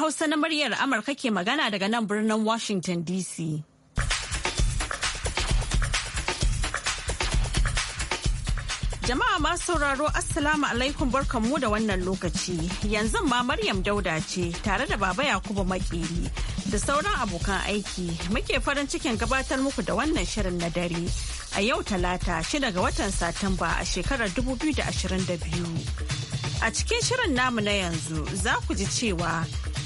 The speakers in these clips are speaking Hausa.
Hausa na muryar Amurka ke magana daga nan birnin Washington DC. Jama'a masu sauraro Assalamu alaikum barkanmu da wannan lokaci. Yanzu ma Maryam Dauda ce tare da Baba Yakubu Makeri da sauran abokan aiki muke farin cikin gabatar muku da wannan shirin na dare a yau talata shida ga watan Satumba a shekarar 2022. A cikin shirin namu na yanzu za ku ji cewa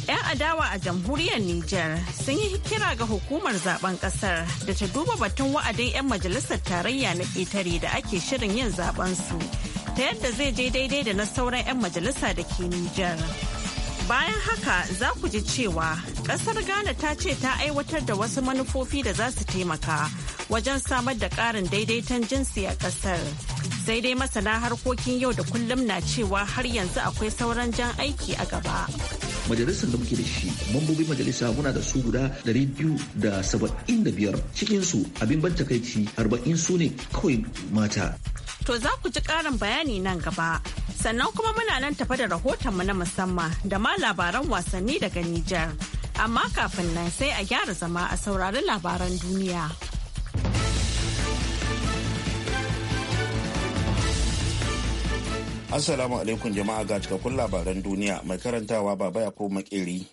'Yan adawa a jamhuriyar Nijar sun yi kira ga hukumar zaben kasar da ta duba batun wa'adin 'yan majalisar tarayya na ƙetare da ake shirin yin zaben su ta yadda zai je daidai da na sauran 'yan majalisa da ke Nijar. Bayan haka za ku ji cewa kasar Ghana ta ce ta aiwatar da wasu manufofi da za su taimaka wajen samar da ƙarin daidaiton jinsi a kasar. Sai dai masana harkokin yau da kullum na cewa har yanzu akwai sauran jan aiki a gaba. majalisar da muke da shi mambobin majalisa muna da su guda biyu da da saba'in 275 cikinsu abin ban takaici arba'in su ne kawai mata to za ku ji ƙarin bayani nan gaba sannan kuma muna nan tafa da rahotonmu na musamman da ma labaran wasanni daga Nijar amma kafin nan sai a gyara zama a saurari labaran duniya. Assalamu alaikum jama'a ga cikakkun labaran duniya mai karantawa baba ya ko makeri.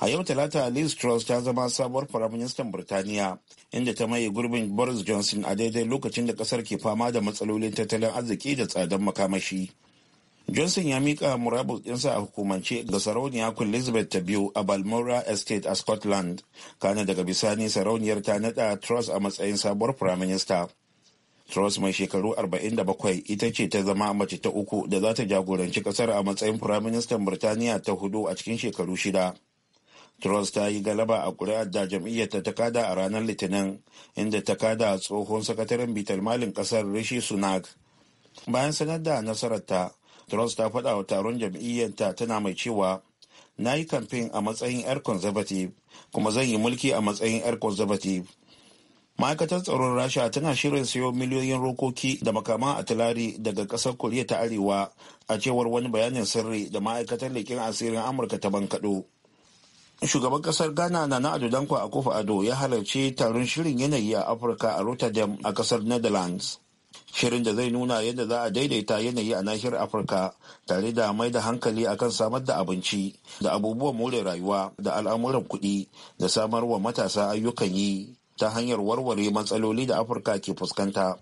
A yau talata Liz Truss ta zama sabuwar firaministan Birtaniya inda ta maye gurbin Boris Johnson a daidai lokacin da kasar ke fama da matsalolin tattalin arziki da tsadar makamashi. Johnson ya mika murabus ɗinsa a hukumance ga sarauniya Queen Elizabeth ta biyu a Balmoral Estate a Scotland, kana daga bisani sarauniyar ta naɗa Truss a matsayin sabuwar firaminista. Truss mai shekaru 47 ita ce ta zama mace ta uku da za ta jagoranci kasar a matsayin firaministan Birtaniya ta hudu a cikin shekaru shida. Truss ta yi galaba a kuri'ar da jam'iyyar ta kada a ranar Litinin, inda ta kada tsohon sakataren bitar malin kasar Rishi Sunak. Bayan sanar da ta Truss ta faɗa wa taron ta tana mai cewa na yi kamfen a matsayin 'yar conservative kuma zan yi mulki a matsayin 'yar conservative ma'aikatar tsaron rasha tana shirin siyo miliyoyin rokoki da makaman atilari daga kasar koriya ta arewa a cewar wani bayanin sirri da ma'aikatar leƙen asirin amurka ta bankaɗo shugaban kasar ghana na na ado a kofa ado ya halarci taron shirin yanayi a afirka a rotterdam a kasar netherlands shirin da zai nuna yadda za a daidaita yanayi a nahiyar afirka tare da mai da hankali akan samar da abinci da abubuwan more rayuwa da al'amuran kuɗi da samarwa matasa ayyukan yi ta hanyar warware matsaloli da afirka ke fuskanta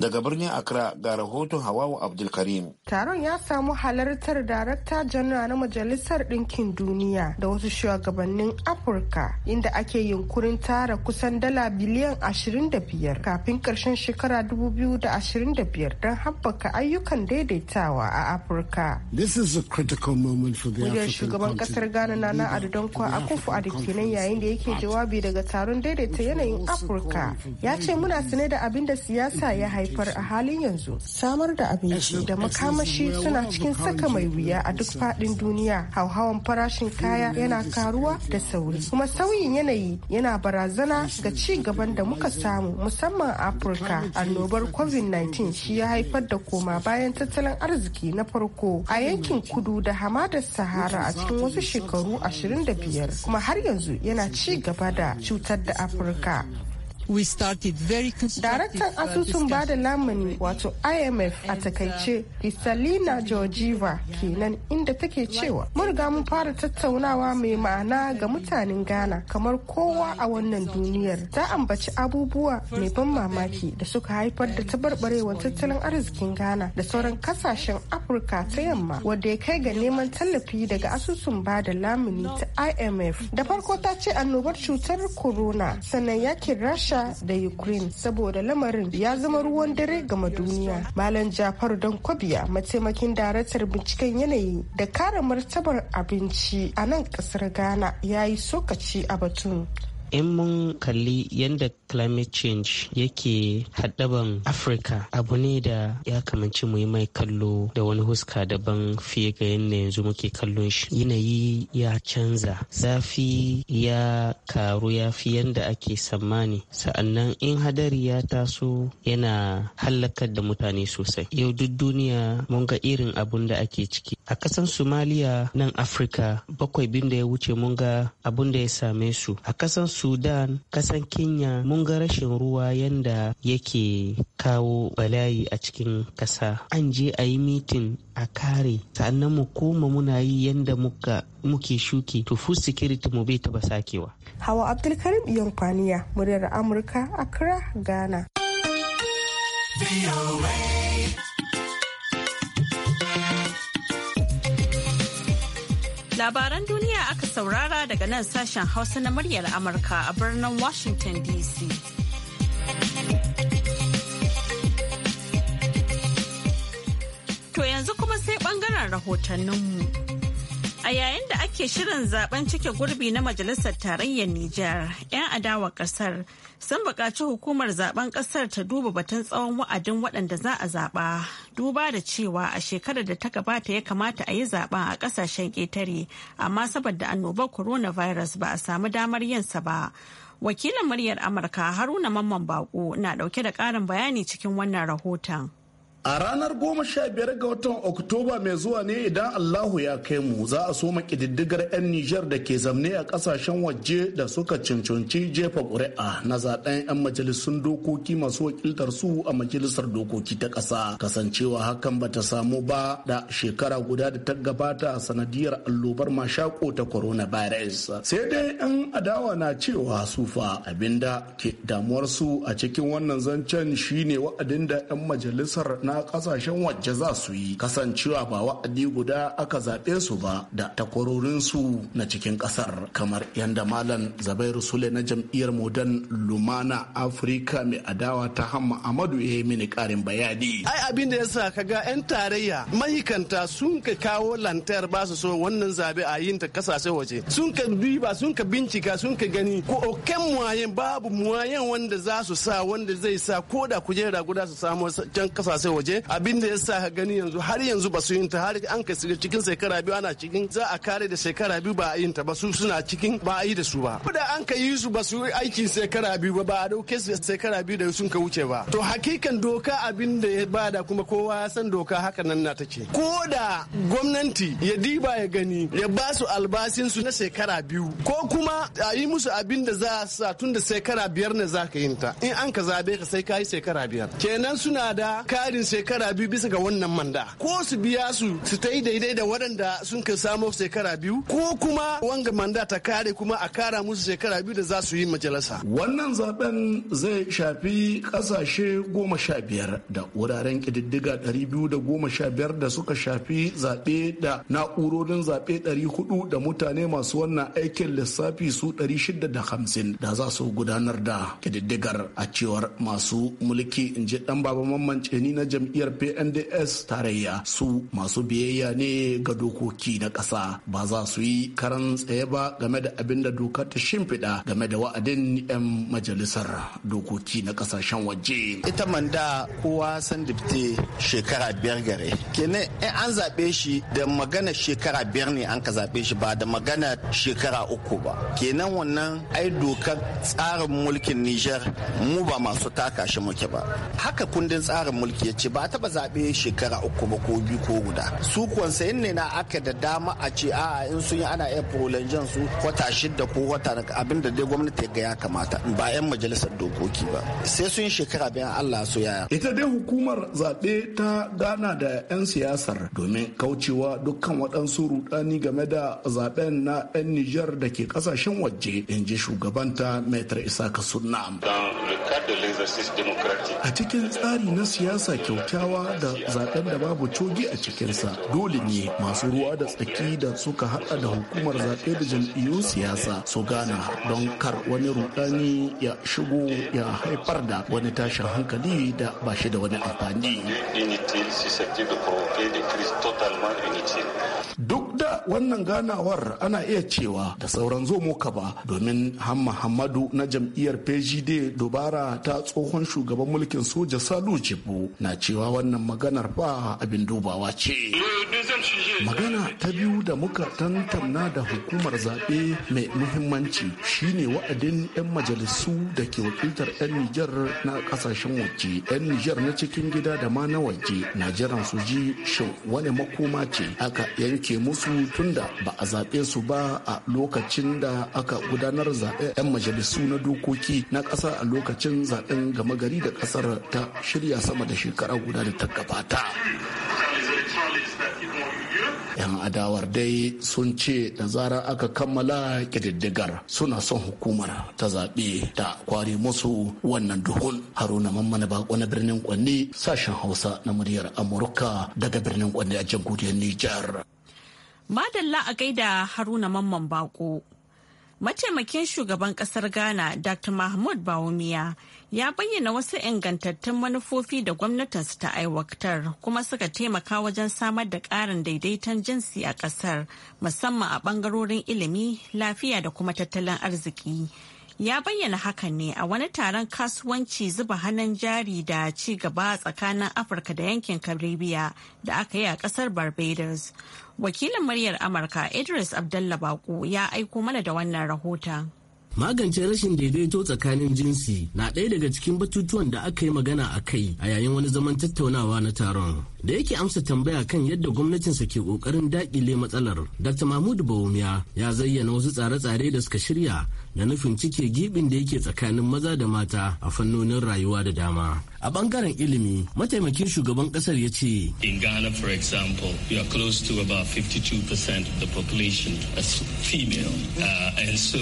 Daga birnin Accra ga rahoton Hawawu Abdulkarim. Taron ya samu halartar Darakta Janar na Majalisar Ɗinkin Duniya da wasu shugabannin Afirka inda ake yunkurin tara kusan dala biliyan 25 kafin ƙarshen shekara 2025 don haɓaka ayyukan daidaitawa a Afirka. This is a critical moment for the African shugaban kasar Ghana na adadon kwa akufu a kenan yayin da yake jawabi daga taron daidaita yanayin Afirka. Ya ce muna sane da abin da siyasa ya haifar haifar a halin yanzu samar da abinci da makamashi suna cikin saka mai wuya a duk faɗin duniya hauhawan farashin kaya yana karuwa da sauri kuma sauyin yanayi yana barazana ga ci gaban da muka samu musamman afirka annobar covid-19 shi ya haifar da koma bayan tattalin arziki na farko a yankin kudu da hamadar sahara a cikin wasu shekaru 25 kuma har yanzu yana ci gaba da cutar da afirka we started very Daraktan uh, asusun bada lamuni wato IMF a uh, takaice Kristalina Georgieva kenan inda take cewa Murga riga mun fara tattaunawa mai ma'ana ga mutanen Ghana kamar kowa a wannan duniyar ta ambaci abubuwa mai ban mamaki da suka haifar da tabarbarewar tattalin arzikin Ghana da sauran uh, kasashen Afirka ta yamma wadda ya kai ga neman tallafi daga asusun bada lamuni ta IMF da farko ta ce annobar cutar corona sannan yakin rasha Rasha da Ukraine saboda lamarin ya zama ruwan dare gama duniya. Malam Jafaru kwabiya mataimakin daratar binciken yanayi da kare martabar abinci a nan kasar Ghana ya yi sokaci a batun. in mun kalli yadda climate change yake haddaban afirka abu ne da ya kamanci mu yi mai kallo da wani huska daban fiye ga yadda yanzu muke kallon shi yanayi ya canza zafi ya karu ya fi yadda ake tsammani sa'annan in hadari ya taso yana hallakar da mutane sosai yau duk duniya mun ga irin abun da ake ciki a kasan somaliya nan afirka bakwai bin da ya wuce mun ga abun da ya same su a kasan sudan kasan kenya mun ga rashin ruwa yanda yake kawo balayi a cikin kasa an je a yi mitin a kare sannan mu koma muna yi yanda muka muke shuki to food security mu bai taba sakewa hawa abdulkarim iyon kwaniya muryar amurka accra ghana Labaran duniya aka saurara daga nan sashen Hausa na muryar Amurka a birnin Washington DC. To yanzu kuma sai bangaren rahotanninmu. A yayin da ake shirin zaben cike gurbi na Majalisar Tarayyar Nijar, 'yan adawa kasar sun buƙaci hukumar zaben kasar ta duba batun tsawon wa'adin waɗanda za a zaɓa. Duba da cewa a shekarar da ta gabata ya kamata a yi zaben a ƙasashen ƙetare, amma saboda annobar coronavirus ba a samu damar yinsa ba. Wakilin muryar Amurka Haruna Mamman Bako na ɗauke da ƙarin bayani cikin wannan rahoton. A ranar goma sha biyar ga watan Oktoba mai zuwa ne idan Allahu ya kai mu za a soma ƙididdigar 'yan Nijar da ke zamne a kasashen waje da suka cancanci jefa ƙuri'a na zaɗen 'yan majalisun dokoki masu wakiltar su a majalisar dokoki ta ƙasa. Kasancewa hakan ba ta samu ba da shekara guda da ta gabata a sanadiyar allobar mashako ta coronavirus. Sai dai 'yan adawa na cewa sufa abinda ke su a cikin wannan zancen shine wa'adin da 'yan majalisar na kasashen waje za su yi kasancewa ba wa'adi guda aka zaɓe su ba da takwarorinsu na cikin ƙasar kamar yadda malam zabairu sule na jam'iyyar modern lumana afirka mai adawa ta hamma amadu ya yi mini ƙarin bayani ai abin da ya sa kaga 'yan tarayya mahikanta sun ka kawo lantar ba su so wannan zaɓe a yin ta kasashen waje sun ka duba sun ka bincika sun ka gani ko oken muwayen babu muwayen wanda za su sa wanda zai sa ko da kujera guda su samu can kasashen waje abin da yasa ka gani yanzu har yanzu ba su yin ta har an kai shiga cikin shekara biyu ana cikin za a kare da shekara biyu ba a yin ta ba su suna cikin ba a yi da su ba da an ka yi su ba su aikin shekara biyu ba ba a dauke su shekara biyu da sun ka wuce ba to hakikan doka abin da ya bada kuma kowa ya san doka haka nan na take ko da gwamnati ya diba ya gani ya ba su albasin su na shekara biyu ko kuma a yi musu abin da za sa tun da shekara biyar ne za ka yin ta in an ka zabe ka sai ka yi shekara biyar kenan suna da karin shekara biyu bisa ga wannan manda ko su biya su su ta yi daidai da waɗanda sun ka samo shekara biyu ko kuma wanga manda ta kare kuma a kara musu shekara biyu da za su yi majalisa. Wannan zaben zai shafi ƙasashe goma sha biyar da wuraren ƙididdiga ɗari biyu da goma sha biyar da suka shafi zaɓe da na'urorin zaɓe ɗari hudu da mutane masu wannan aikin lissafi su ɗari shida da hamsin da za su gudanar da ƙididdigar a cewar masu mulki in ji ɗan baba mamman ni na jam'iyyar PNDS tarayya su masu biyayya ne ga dokoki na ƙasa ba za su yi karan tsaye ba game da abin da dokar ta shimfiɗa game da wa'adin 'yan majalisar dokoki na ƙasashen waje. Ita manda kowa san dipte shekara biyar gare. Kenan in an zaɓe shi da magana shekara biyar ne an ka zaɓe shi ba da magana shekara uku ba. Kenan wannan ai dokar tsarin mulkin Niger, mu ba masu taka shi muke ba. Haka kundin tsarin mulki ya ce ce ba taba zaɓe shekara uku ba ko biyu ko guda su kuwan sayin ne na aka da dama a ce a in sun yi ana iya prolanjan su wata shida ko wata abin da dai gwamnati ga ya kamata ba 'yan majalisar dokoki ba sai sun yi shekara bayan Allah su yaya. Ita dai hukumar zaɓe ta gana da 'yan siyasar domin kaucewa dukkan waɗansu rudani game da zaɓen na 'yan Nijar da ke ƙasashen waje in ji shugabanta isa ka Sunna. A cikin tsari na siyasa kyau kyakkyawa da zaben da babu cogi a cikinsa dole ne masu ruwa da tsaki da suka haɗa da hukumar zaɓe da jam'iyyun siyasa su gana don kar wani rudani ya shigo ya haifar da wani tashin hankali da ba shi da wani amfani. Duk da wannan ganawar ana iya cewa da sauran zo muka ba domin Hamma Hamadu na jam'iyyar PGD dubara ta tsohon shugaban mulkin soja Salu Jibo na cewa wannan maganar fa abin dubawa ce magana ta biyu da muka tantamna da hukumar zaɓe mai muhimmanci shine wa'adin 'yan majalisu da ke wakiltar 'yan nijar na ƙasashen waje 'yan nijar na cikin gida da ma na waje na jiran su ji shin wani makoma ce aka yanke musu tunda ba a zaɓe su ba a lokacin da aka gudanar zaɓe 'yan majalisu na dokoki na ƙasa a lokacin zaɓen gama gari da ƙasar ta shirya sama da shekara guda da ta yan adawar dai sun ce da zarar aka kammala ƙididdigar suna son hukumar ta zaɓe ta kware musu wannan duhun haruna Mamman bako na birnin kwanne sashen hausa na muryar amurka daga birnin kwanne a jamhuriyar nijar madalla a gaida haruna mamman bako Mataimakin shugaban kasar Ghana Dr. Mahmud Bawumia ya bayyana wasu ingantattun manufofi da gwamnatinsu ta aiwatar kuma suka taimaka wajen samar da ƙarin daidaiton jinsi a ƙasar musamman a ɓangarorin ilimi, lafiya da kuma tattalin arziki. Ya bayyana hakan ne a wani taron kasuwanci zuba hannun jari da ci gaba tsakanin Afirka da yankin Karibiya da aka yi a ƙasar Barbados. Wakilin muryar Amurka Idris Abdalla Bako ya aiko mana da wannan rahota. Magance rashin daidaito tsakanin jinsi na ɗaya daga cikin batutuwan da aka yi magana a kai a yayin wani zaman tattaunawa na taron. Da yake amsa tambaya kan yadda gwamnatinsa ke ƙoƙarin daƙile matsalar, Dr. Mahmud Bawumia ya zayyana wasu tsare-tsare da suka shirya da nufin cike gibin da yake tsakanin maza da mata a fannonin rayuwa da dama. a bangaren ilimi mataimakin shugaban kasar ya ce in ghana for example you are close to about 52% of the population as female uh, and so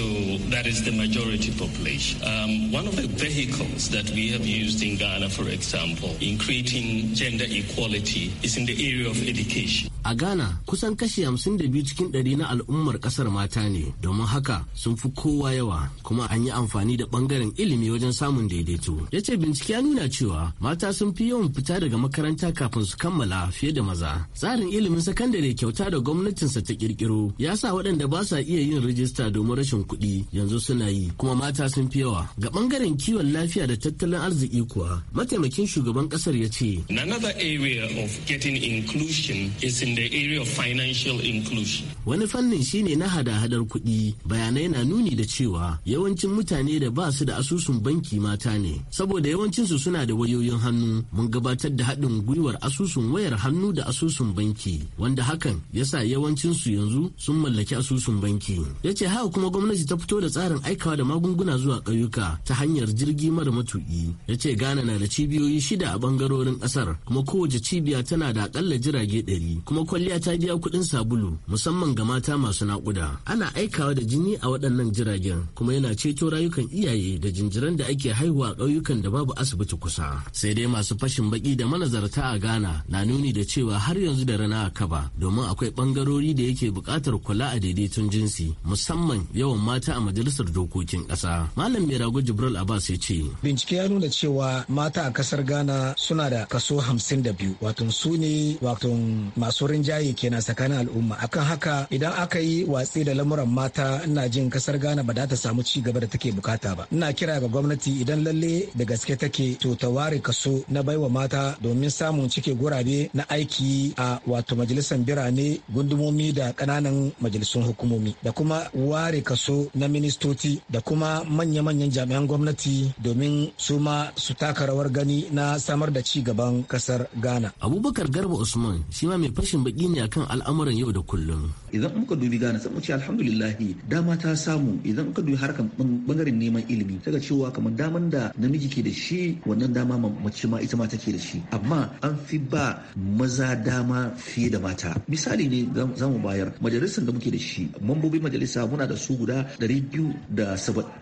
that is the majority population um, one of the vehicles that we have used in ghana for example in creating gender equality is in the area of education a ghana kusan kashi 52 cikin 100 na al'ummar kasar mata ne domin haka sun fi kowa yawa kuma an yi amfani da bangaren ilimi wajen samun daidaito ya ce bincike ya nuna cewa cewa mata sun fi yawan fita daga makaranta kafin su kammala fiye da maza. Tsarin ilimin sakandare kyauta da gwamnatinsa ta kirkiro ya sa waɗanda ba sa iya yin rijista domin rashin kuɗi yanzu suna yi kuma mata sun fi yawa. Ga ɓangaren kiwon lafiya da tattalin arziki kuwa mataimakin shugaban ƙasar ya ce. Another area of getting inclusion is in the area of financial inclusion. Wani fannin shine na hada-hadar kuɗi bayanai na nuni da cewa yawancin mutane da ba su da asusun banki mata ne saboda yawancinsu suna da wayoyin hannu mun gabatar da haɗin gwiwar asusun wayar hannu da asusun banki wanda hakan ya sa yawancinsu yanzu sun mallaki asusun banki ya ce haka kuma gwamnati ta fito da tsarin aikawa da magunguna zuwa ƙauyuka ta hanyar jirgi mara matuƙi ya ce ghana na da cibiyoyi shida a bangarorin ƙasar kuma kowace cibiya tana da aƙalla jirage ɗari kuma kwalliya ta biya kuɗin sabulu musamman ga mata masu naƙuda ana aikawa da jini a waɗannan jiragen kuma yana ceto rayukan iyaye da jinjiran da ake haihuwa a ƙauyukan da babu asibiti kusa Ghana. sai dai masu fashin baki da manazarta a ghana na nuni da cewa har yanzu da rana a kaba domin akwai bangarori da yake bukatar kula a daidaiton jinsi musamman yawan mata a majalisar dokokin ƙasa malam rago jibril abbas ya ce bincike ya nuna cewa mata a kasar ghana suna da kaso hamsin da biyu wato su ne wato masu rinjaye kenan tsakanin al'umma akan haka idan aka yi watsi da lamuran mata ina jin kasar ghana ba za ta samu ci gaba da take bukata ba ina kira ga gwamnati idan lalle da gaske take to ta ware kaso na baiwa mata domin samun cike gurabe na aiki a wato majalisar birane gundumomi da kananan majalisun hukumomi da kuma ware kaso na ministoci da kuma manya-manyan jami'an gwamnati domin su ma su taka rawar gani na samar da ci gaban kasar ghana abubakar garba usman shi ma mai fashin baki ne akan al'amuran yau da kullum idan muka dubi ghana sai mu ce alhamdulillahi dama ta samu idan muka dubi harkan bangaren neman ilimi daga cewa kamar daman da namiji ke da shi wannan dama dama mace ma ita ma take da shi amma an fi ba maza dama fiye da mata misali ne za mu bayar majalisar da muke da shi mambobin majalisa muna da su guda 275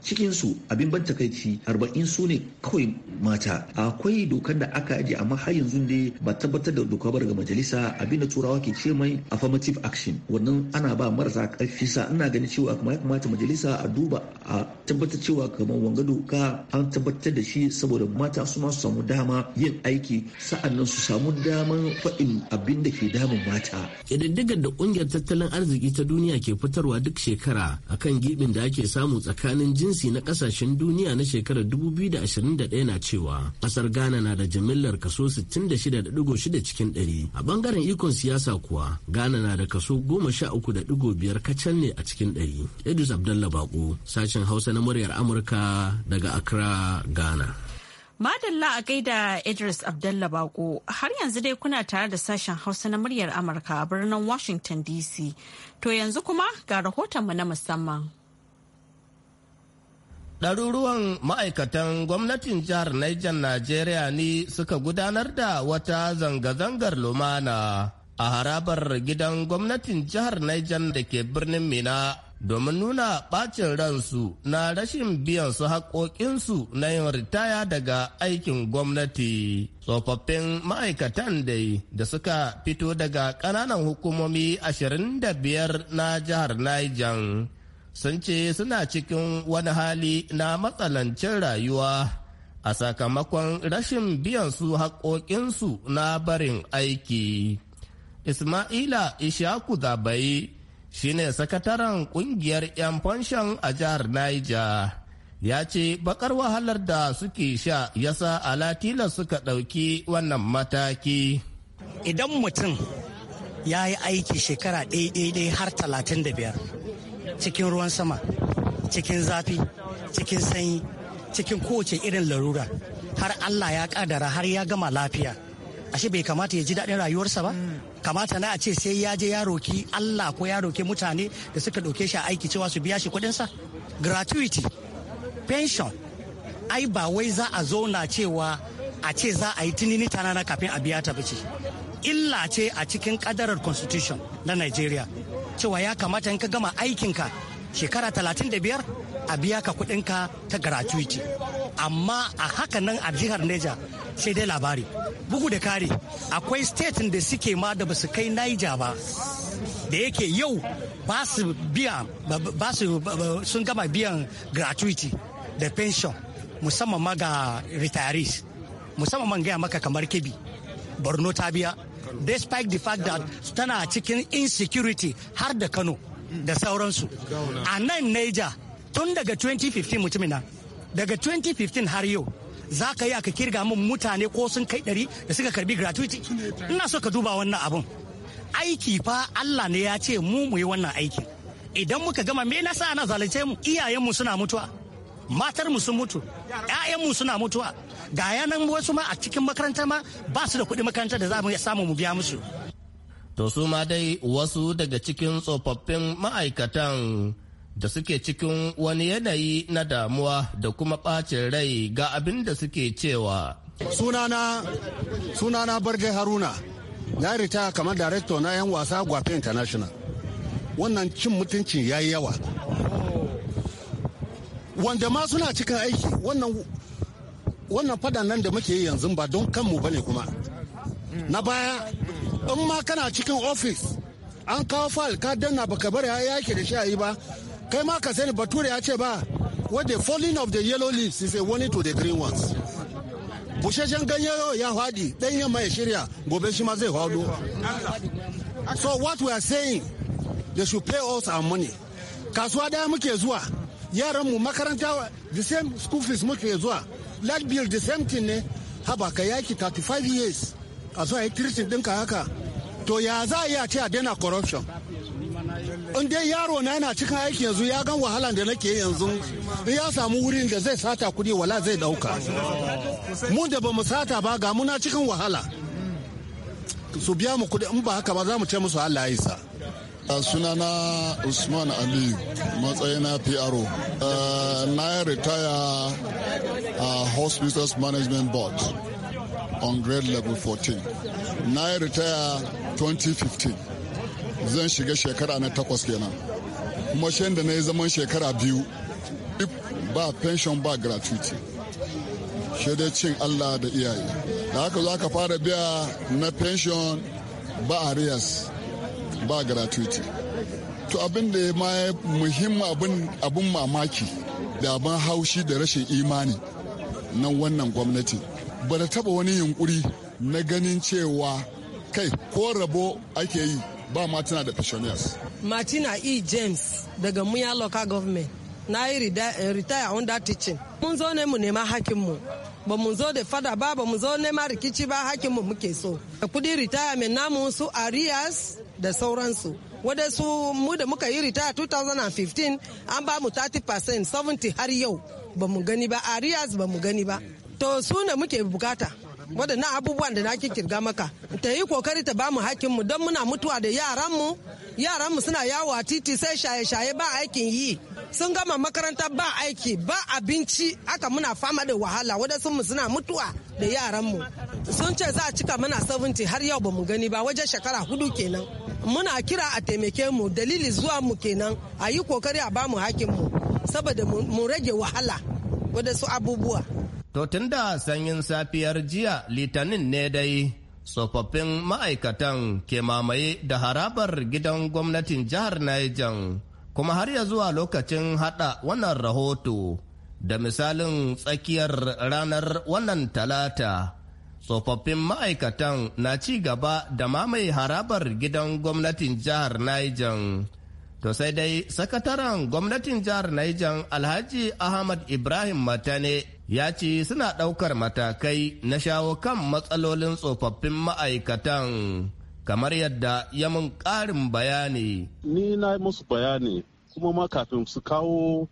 cikinsu abin ban takaici 40 su ne kawai mata akwai dokan da aka aje amma har yanzu ne ba tabbatar da doka ba daga majalisa abin da turawa ke ce mai affirmative action wannan ana ba marasa karfi sa ina ganin cewa kuma ya kamata majalisa a duba a tabbatar cewa kamar wanga doka an tabbatar da shi saboda mata su ma su samu dama yin aiki sa'annan su samu daman faɗin abin da ke damun mata. Ƙididdigar da ƙungiyar tattalin arziki ta duniya ke fitarwa duk shekara akan gibin da ake samu tsakanin jinsi na ƙasashen duniya na shekarar 2021 na cewa ƙasar Ghana na da jimillar kaso 66.6 cikin 100. A ɓangaren ikon siyasa kuwa Ghana na da kaso goma sha biyar kacal ne a cikin ɗari. Idris Abdullahi Bako, sashen Hausa na muryar Amurka daga Accra, Ghana. Madalla a gaida Idris Abdalla Bako har yanzu dai kuna tare da sashen Hausa na muryar Amurka a birnin Washington DC. To yanzu kuma ga rahotonmu na musamman. Ɗaruruwan ma'aikatan gwamnatin jihar Niger Najeriya ne suka gudanar da wata zanga-zangar lumana a harabar gidan gwamnatin jihar Niger da ke birnin Mina. domin nuna ɓacin ransu na rashin biyan su haƙoƙinsu na yin ritaya daga aikin gwamnati. Tsofaffin ma'aikatan dai da suka fito daga ƙananan hukumomi 25 na jihar Niger sun ce suna cikin wani hali na matsalancin rayuwa a sakamakon rashin biyan su haƙoƙinsu na barin aiki. Ismaila Ishaku Zabayi shine sakataren kungiyar 'yan fanshan a jihar Niger. Ya ce bakar wahalar da suke sha yasa alatila suka ɗauki wannan mataki. Idan mutum ya yi aiki shekara ɗaiɗaiɗai har talatin da biyar cikin ruwan sama, cikin zafi, cikin sanyi, cikin kowace irin larura, har Allah ya ƙadara har ya gama lafiya. ashe bai kamata ya ji daɗin rayuwarsa ba mm. kamata na a ce sai ya je ya roki Allah ko ya roki mutane da suka ɗauke shi a aiki cewa su biya shi kuɗinsa gratuity pension ai ba wai za a zauna cewa a ce za a yi tunini na kafin a biya ta bace illa ce a cikin kadarar constitution na nigeria cewa ya kamata in ka gama aikinka shekara 35 a biya ka kuɗinka ta gratuity amma a haka nan a jihar neja sai dai labari bugu da kare akwai state da suke ma da basu kai naija ba da yake yau ba su biya ba su sun gama biyan gratuity da pension musamman ma ga retirees musamman man gaya maka kamar kebi borno ta biya despite the fact that tana cikin insecurity har da kano da sauransu a nan niger tun daga 2015 mutumin daga 2015 har yau za ka yi aka kirga min mutane ko sun kai ɗari da suka karbi gratuity ina so ka duba wannan abun aiki fa Allah ne ya ce mu mu yi wannan aiki. idan muka gama me nasa ana zalunce mu iyayenmu suna mutuwa matar mu sun mutu ƴaƴanmu suna mutuwa ga yanan wasu ma a cikin makaranta ma ba su da kuɗi makaranta da za mu samu mu biya musu to su ma dai wasu daga cikin tsofaffin ma'aikatan da suke cikin wani yanayi na damuwa da kuma ɓacin rai ga abin da suke cewa. Sunana, sunana barge Haruna, na rita kamar director na 'yan wasa Gwafe International. Wannan cin mutuncin ya yi yawa. Wanda ma suna cikin aiki wannan wannan fadan nan da muke yi yanzu ba don kanmu bane kuma. Na baya, in ma kana cikin ofis an kawo fal ka danna baka bari ya yake da shi a yi ba kai ma ka sani bature ya ce ba what the falling of the yellow leaves is a warning to the green ones busheshen ganye ya hadi yamma ya shirya gobe shi ma zai hado so what we are saying they should pay us our money kasuwa daya muke zuwa yaran mu makaranta the same school fees muke zuwa let bill the same thing ne haba ka yaki 35 years a ya treating ɗinka haka to ya za a yi a ce a daina corruption in dai yaro na yana cikin aiki yanzu ya gan wahalan da nake yanzu ya samu wurin da zai sata kuɗi wala zai ɗauka mun da ba mu sata ba ga muna cikin wahala su biya mu kuɗi in ba haka ba za mu ce musu Allah ya isa sunana usman ali matsayina pro eh, na yi ritaya eh, a hospitals management board on grade level 14 na yi ritaya 2015 zan shiga shekara na takwas kenan kuma shan da na yi zaman shekara biyu ba pension ba gratuity shi dai cin allah da iyaye da haka za ka fara biya na pension ba arias ba gratuity to abin da ma ya muhimmin abin mamaki da abin haushi da rashin imani na wannan gwamnati ba da taba wani yunkuri na ganin cewa kai ko rabo ake yi ba martina da pensioners martina e james daga muya local government na yi eh, retire under teaching mun zo ne mu nema hakinmu ba mu zo da fada ba ba mu zo nema rikici ba hakinmu muke so da kudin retirement namu su arias da sauransu su mu da muka yi retire 2015 an ba mu 30% 70 har yau ba mu gani ba arias ba mu gani ba to su ne muke bukata waɗannan abubuwan da na kirga maka ta yi kokari ta bamu mu don muna mutuwa da Yaran mu suna yawo a titi sai shaye-shaye ba aikin yi sun gama makaranta ba aiki ba abinci aka muna fama da wahala waɗansu suna mutuwa da yaran mu. sun ce za a cika mana 70 har yau ba mu gani ba wajen shekara hudu kenan muna kira a taimake mu dalili zuwa mu kenan a yi kokari a bamu mu saboda mu rage wahala waɗansu abubuwa To tun da sanyin safiyar jiya litinin ne dai tsofaffin ma'aikatan ke mamaye da harabar gidan gwamnatin jihar Niger kuma har ya zuwa lokacin hada wannan rahoto da misalin tsakiyar ranar wannan talata. tsofaffin ma'aikatan na ci gaba da mamaye harabar gidan gwamnatin jihar Niger. To sai dai sakataren gwamnatin jihar Niger Alhaji Ahmad Ibrahim Matane ya ce suna ɗaukar matakai na shawo kan matsalolin tsofaffin ma'aikatan kamar yadda ya mun ƙarin bayani. Ni na musu bayani kuma ma kafin su kawo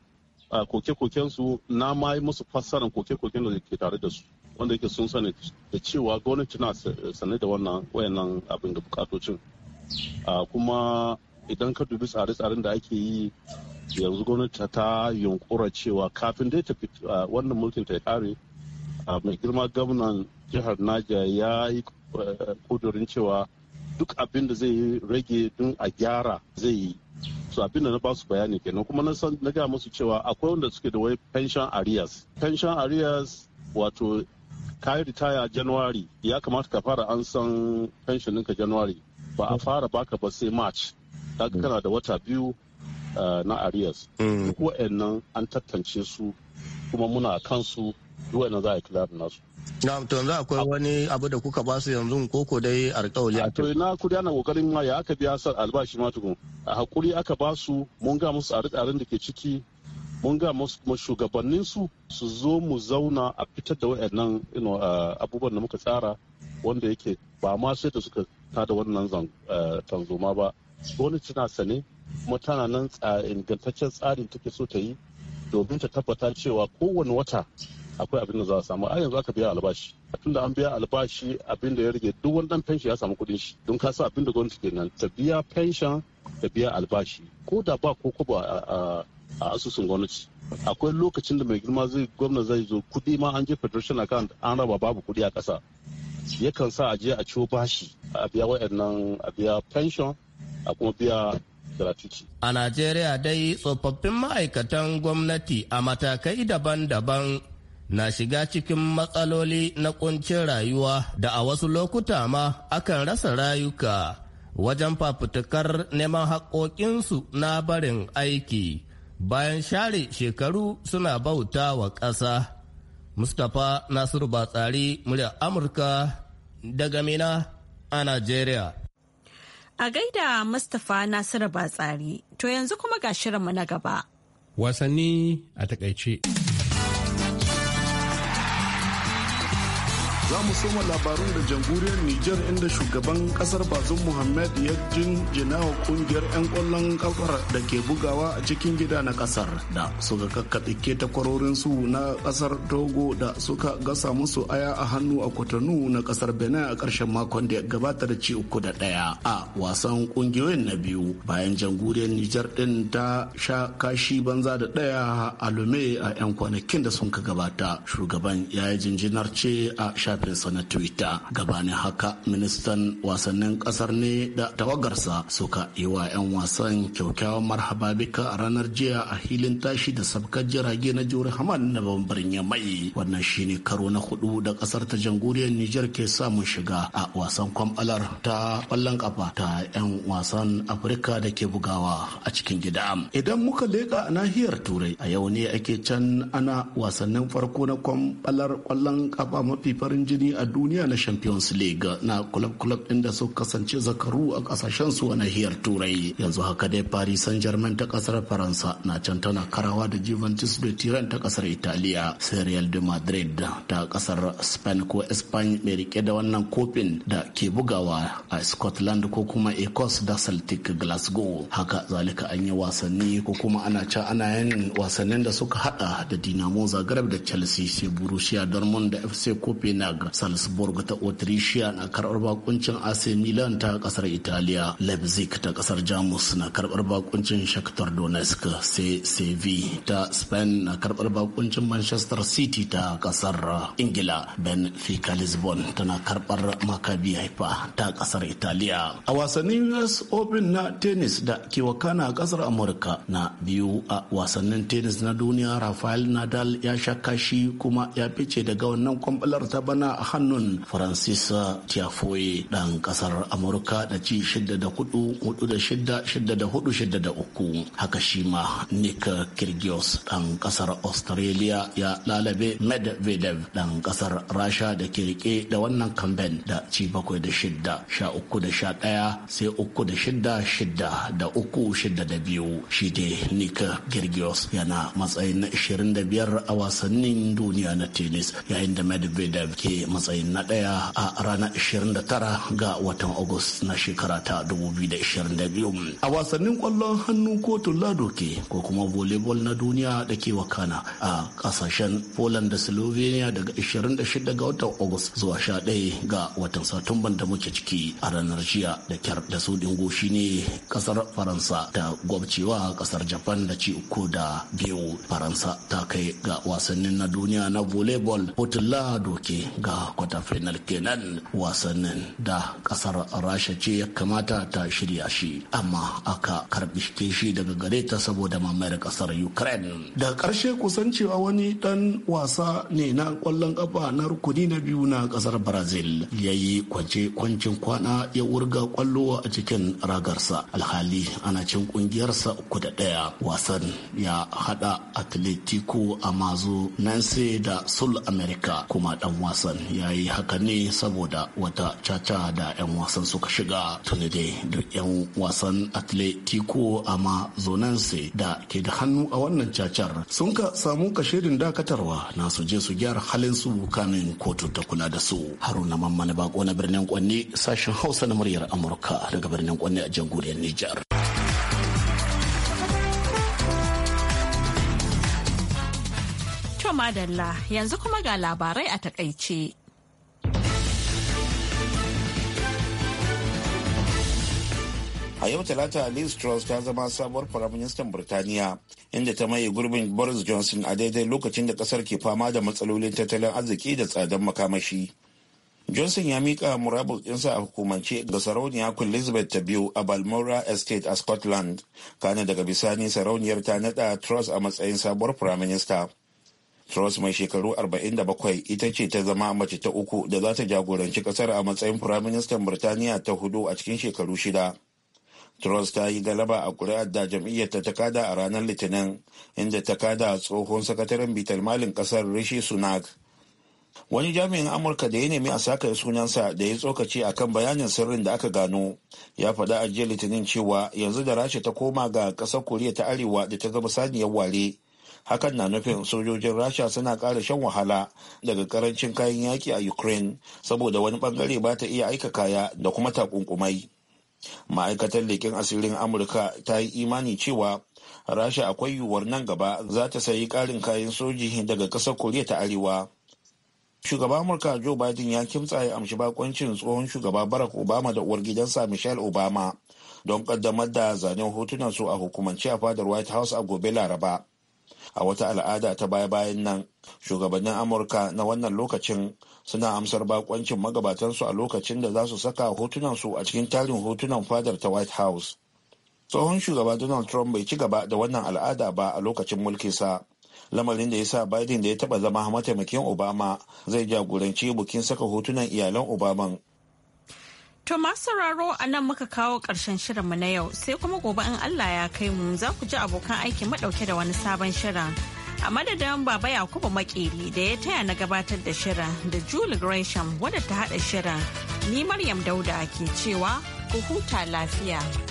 koke-kokensu na ma yi musu fassarar koke-koken da ke tare da su wanda yake sun sani da cewa gwamnati na sane da wannan wayannan abin da bukatocin. Kuma idan ka dubi tsare-tsaren da ake yi yanzu gwamnati ta yunkura cewa kafin dai ta wannan mulkin ta kare mai girma gwamnan jihar naja ya yi kudurin cewa duk abin da zai rage don a gyara zai yi su abin da na ba su bayani kenan kuma na san na ga musu cewa akwai wanda suke da wai pension arrears pension arrears wato ka yi ritaya january ya kamata ka fara an san pension ɗinka january ba a fara baka ba sai march kaga kana da wata biyu Eh, na arias mm. duk wa'annan an tattance su kuma muna kansu duk wa'annan za a kira da nasu na to yanzu akwai wani abu da kuka ba su yanzu koko dai alkawali a to na kudi ana kokarin ma ya aka biya sar albashi ma tukun a hakuri aka ba su mun ga musu tsare da ke ciki mun ga shugabannin su su zo mu zauna a fitar da wayannan abubuwan da muka tsara wanda yake ba ma sai da suka tada wannan eh, tanzoma ba gwamnati na sane kuma tana nan ingantaccen tsarin take so ta yi domin ta tabbata cewa kowane wata akwai abin da za a samu a yanzu aka biya albashi tun da an biya albashi abin da ya rage duk wani dan fenshi ya samu kudin shi don ka sa abin da gwamnati kenan ta biya fenshin ta biya albashi ko da ba ko kuma a asusun gwamnati akwai lokacin da mai girma zai gwamna zai zo kudi ma an je federation account an raba babu kudi a kasa yakan sa a je a ciwo bashi a biya wa'annan a biya pension a kuma biya A Najeriya dai tsofaffin ma'aikatan gwamnati a matakai daban-daban na shiga cikin matsaloli na kuncin rayuwa da a wasu lokuta ma akan rasa rayuka wajen fafutukar neman haƙoƙinsu na barin aiki bayan share shekaru suna bauta wa ƙasa. Mustapha Nasiru Batsari, murya Amurka daga Mina a Najeriya. A gaida Mustapha Nasiru Batsari, to yanzu kuma ga shirinmu na gaba. Wasanni a takaice. za mu soma labarun da jamhuriyar Nijar inda shugaban kasar Bazum Muhammad ya jinjina wa kungiyar 'yan kwallon kafar da ke bugawa a cikin gida na kasar da suka ke takwarorin su na kasar Togo da suka gasa musu aya a hannu a kwatanu na kasar Benin a ƙarshen makon da ya gabata da ci uku da ɗaya a wasan kungiyoyin na biyu bayan jamhuriyar Nijar din ta sha kashi banza da ɗaya a lume a 'yan kwanakin da sun ka gabata. Shugaban ya yi jinjinar ce a sa na twitter gabanin haka ministan wasannin kasar ne da tawagarsa suka yi wa 'yan wasan kyaukyawan marhaba bika a ranar jiya a hilin tashi da sabkar jirage na jihar hamad na bambarin mai wannan shine karo na hudu da kasar ta jamhuriyar niger ke samun shiga a wasan kwambalar ta kwallon kafa ta 'yan wasan afirka da ke bugawa a cikin gida idan muka leka a nahiyar turai a yau ne ake can ana wasannin farko na kwambalar kwallon kafa mafi farin jini a duniya na champions league na club-club ɗin da suka kasance zakaru a kasashen su a nahiyar turai yanzu haka dai paris saint germain ta kasar faransa na can tana karawa da juventus da tiran ta kasar italiya sai real de madrid ta kasar spain ko spain mai rike da wannan kofin da ke bugawa a scotland ko kuma ecos da celtic glasgow haka zalika an yi wasanni ko kuma ana can ana yin wasannin da suka hada da dinamo zagreb da chelsea sai borussia dortmund da fc copenhagen prague salzburg ta autricia na karbar bakuncin ac milan ta kasar italiya leipzig ta kasar jamus na karbar bakuncin shakhtar donetsk sai ta spain na karbar bakuncin manchester city ta kasar ingila benfica lisbon tana karbar maccabi haifa ta kasar italiya a wasannin us open na tennis da ke wakana a kasar amurka na biyu a wasannin tennis na duniya rafael nadal ya sha kashi kuma ya fice daga wannan kwambalar ta bana a hannun Faransisa tiafoe ɗan ƙasar amurka da ci shidda da hudu hudu da shidda shidda da hudu shidda da uku haka shi ma nick kirgios ɗan ƙasar australia ya lalabe medvedev ɗan ƙasar rasha da ke da wannan kamben da ci bakwai da shidda sha uku da sha ɗaya sai uku da shidda shidda da uku shidda da biyu shi dai nick kirgios yana matsayin na 25 a wasannin duniya na tennis yayin da medvedev ke matsayin na ɗaya a ranar 29 ga watan Agus na shekara ta 2022. A wasannin kwallon hannu kotun ladoke ko kuma volleyball na duniya da ke wakana a kasashen Poland da Slovenia daga 26 ga watan Agus zuwa 11 ga watan Satumban da muke ciki a ranar jiya da kyar da su goshi ne kasar Faransa ta gwabcewa kasar Japan da ci uku da biyu Faransa ta kai ga wasannin na duniya na volleyball kotun ladoke ga kwata final kenan wasannin da kasar rasha ce ya kamata ta shirya shi amma aka karbi shi daga gare ta saboda mamayar kasar ukraine da karshe kusan cewa wani dan wasa ne na kwallon kafa na rukuni na biyu na kasar brazil ya yi kwance kwancin kwana ya wurga kwallo a cikin ragarsa alhali ana cin kungiyarsa uku da daya wasan ya hada atletico amazo nancy da sul america kuma dan wasa Hassan ya yi haka ne saboda wata caca da 'yan wasan suka shiga tuni da duk 'yan wasan Atletico ama Zonense da ke da hannu a wannan cacar sun ka samu kashirin dakatarwa na su je su gyara halin su kamin kotu ta kula da su. Haruna Mamman Bako na birnin Kwanne sashen Hausa na muryar Amurka daga birnin Kwanne a jamhuriyar Nijar. madalla yanzu kuma ga labarai a takaice. A yau Talata Liz Truss ta zama sabuwar Firaministan Birtaniya inda ta maye gurbin Boris Johnson a daidai lokacin da kasar ke fama da matsalolin tattalin arziki da tsadar makamashi. Johnson ya mika murabus ɗinsa a hukumance ga sarauniya Queen Elizabeth ta biyu a balmora Estate a Scotland, kana daga bisani sarauniyar ta naɗa Truss a matsayin sabuwar Firaminista. Truss mai shekaru 47 ita ce ta zama mace ta uku da za ta jagoranci kasar a matsayin firaministan Birtaniya ta hudu a cikin shekaru shida. Truss ta yi galaba a kuri'ar da jam'iyyar ta kada a ranar Litinin, inda ta kada tsohon sakataren bitar malin kasar Rishi Sunak. Wani jami'in Amurka da ya nemi a saka sunansa da ya tsokaci a kan bayanin sirrin da aka gano, ya faɗa a jiya Litinin cewa yanzu da Rasha ta koma ga ƙasar Koriya ta Arewa da ta zama saniyar ware. hakan na nufin sojojin rasha suna ƙara shan wahala daga karancin kayan yaki a ukraine saboda wani bangare ba ta iya aika kaya da kuma takunkumai ma'aikatar leƙen asirin amurka ta yi imani cewa rasha akwai yiwuwar nan gaba za ta sayi ƙarin kayan soji daga ƙasar koriya ta arewa shugaba amurka joe biden ya kimtsa ya amshi bakoncin tsohon shugaba barack obama da uwar gidansa michelle obama don kaddamar da zanen hotunan su a hukumance a fadar white house a gobe laraba a wata al'ada ta baya-bayan nan shugabannin amurka na wannan lokacin suna amsar bakoncin magabatansu a lokacin da za su saka hotunansu a cikin tarin hotunan fadar ta white house tsohon shugaba donald trump bai ci gaba da wannan al'ada ba a lokacin mulkinsa lamarin da ya sa biden da ya taba zama mataimakin obama zai jagoranci bukin saka hotunan iyalan obaman To masu sauraro a nan muka kawo ƙarshen shirinmu na yau sai kuma gobe in Allah ya kai mu za ku ji abokan aiki madauke da wani sabon shirin. A madadin Baba Yakubu Makeri da ya taya na gabatar da shirin da Juli Gresham wadda ta haɗa shirin. Ni Maryam Dauda ke cewa ku huta lafiya.